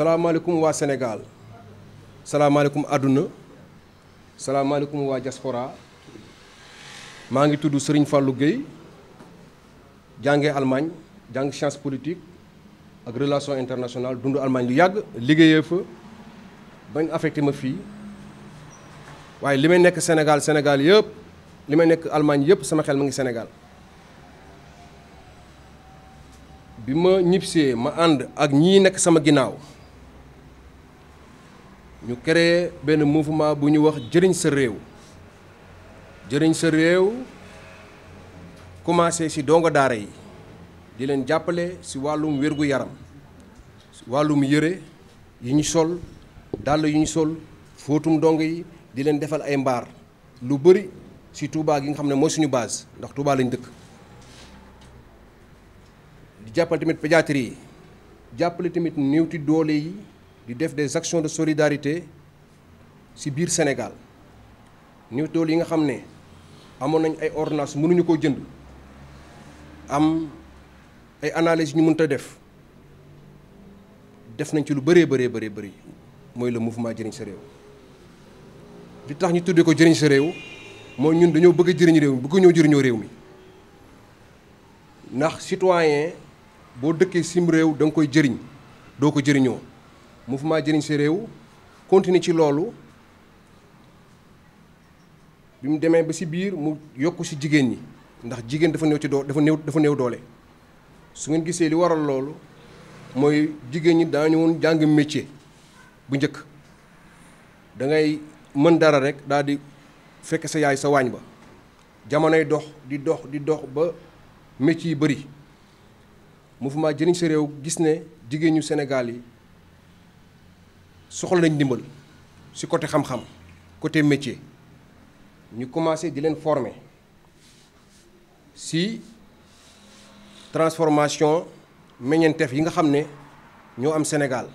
salaamaaleykum waa Sénégal salaamaaleykum àdduna salaamaaleykum waa diaspora maa ngi tudd Serigne Fallou Gueye jànge Allemagne jàng science politique ak relation internationale dund Allemagne lu yàgg liggéeyee fa bañ affecté ma fii waaye li may nekk Sénégal Sénégal yëpp li may nekk almaañ yëpp sama xel ma ngi Sénégal bi ma ñibbisee ma ànd ak ñii nekk sama ginnaaw ñu créer benn mouvement bu ñu wax jëriñ sa réew jëriñ sa réew commencé si dongo daara yi di leen jàppale si wàllum wér-gu-yaram wàllum yére yu ñu sol dàll yu ñu sol fóotum ndong yi di leen defal ay mbaar lu bëri ci Touba gi nga xam ne mooy suñu baas ndax Touba lañ dëkk di jàppale tamit pédiatrie yi jàppale tamit néewti doole yi di def des saction de solidarité ci biir Sénégal néew doole yi nga xam ne amoon nañ ay ordonnances mënuñu koo jënd am ay analyses ñu mënta def def nañ ci lu bëree bëree bëree bëri mooy le mouvement jëriñ sa réew li tax ñu tuddee ko jëriñ sa réew mooy ñun dañoo bëgg a jëriñ réew mi bëgg ñëw jëriñoo réew mi ndax citoyen boo dëkkee sim réew da nga koy jëriñ doo ko jëriñoo mouvement jëriñ sa réew continuer ci loolu bi mu demee ba si biir mu yokk si jigéen ñi ndax jigéen dafa néew ci doo dafa néew dafa néew doole su ngeen gisee li waral loolu mooy jigéen ñi daañu woon jàng métier bu njëkk da ngay mën dara rek daal fekk sa yaay sa waañ ba jamonoy dox di dox di dox ba métier yi bëri mouvement jëriñ sa réew gis ne jigéen ñu senegal yi soxla nañ ndimbal si côté xam-xam côté métier ñu commencé di leen former si transformation meññeenteef yi nga xam ne ñoo am Sénégal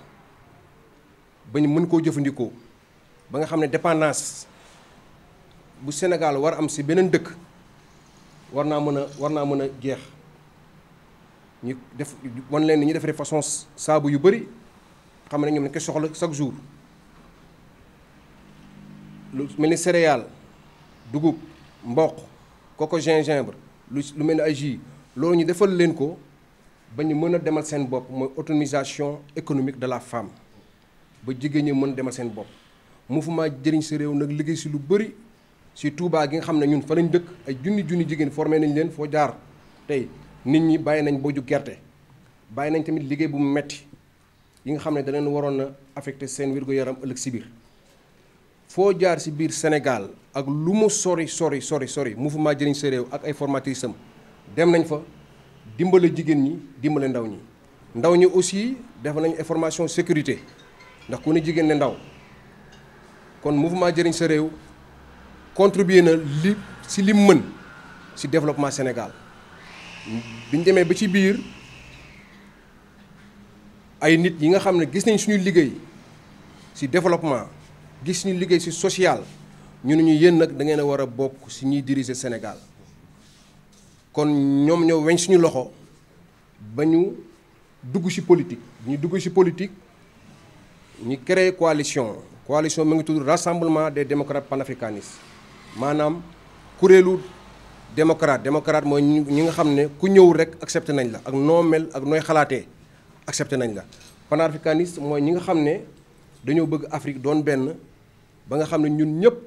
ba ñu mën koo jëfandikoo ba nga xam ne dépendance bu Sénégal war am si beneen dëkk war naa mën a war naa mën a jeex ñu def wan leen ni ñu defaree façon saabu yu bëri. xam ne ñoom dañ koy soxla chaque jour lu mel ni céréales dugub mboq koko gingembre lu lu mel ni ay jus loolu ñu defal leen ko ba ñu mën a demal seen bopp mooy autonomisation économique de la femme ba jigéen ñi mën demal seen bopp mouvement jëriñ sa réew nag liggéey si lu bëri si Touba gi nga xam ne ñun fa lañ dëkk ay junni junni jigéen formé nañ leen foo jaar tey nit ñi bàyyi nañ boju gerte bàyyi nañ tamit liggéey bu mu metti yi nga xam ne da nu waroon a affecté seen wér-gu-yaram ëllëg si biir foo jaar si biir Sénégal ak lu mu sori sori sori sori mouvement jëriñ sa réew ak ay formatrices am dem nañ fa dimbale jigéen ñi dimbale ndaw ñi. ndaw ñi aussi def nañ ay formation sécurité ndax ku ne jigéen ne ndaw kon mouvement jëriñ sa réew contribuer na li si li mën si développement Sénégal biñ demee ba ci biir. ay nit yi nga xam ne gis nañ suñu liggéey ci développement gis suñu liggéey ci social ñu ne ñu yéen nag dangeen ngeen a war a bokk ci ñuy diriger Sénégal kon ñoom ñoo weñ suñu loxo ba ñu dugg ci politique ñu dugg ci politique ñu créer coalition coalition mu ngi tudd rassemblement des démocrates panafricanistes maanaam kuréelu démocrate démocrate mooy ñi nga xam ne ku ñëw rek accepté nañ la ak noo mel ak nooy xalaatee accepté nañ la panafricaniste mooy ñi nga xam ne dañoo bëgg Afrique doon benn ba nga xam ne ñun ñëpp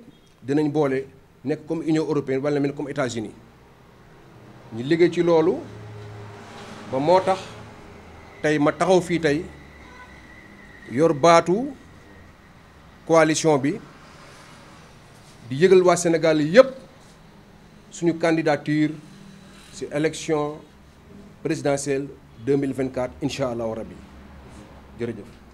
dinañ boole nekk comme Union européenne wala mel comme États-Unis ñu liggéey ci loolu ba moo tax tey ma taxaw fii tey yor baatu coalition bi di yëgal waa Sénégal yëpp suñu candidature ci élection présidentielle 2024 incha allahu rabbi jërëjëf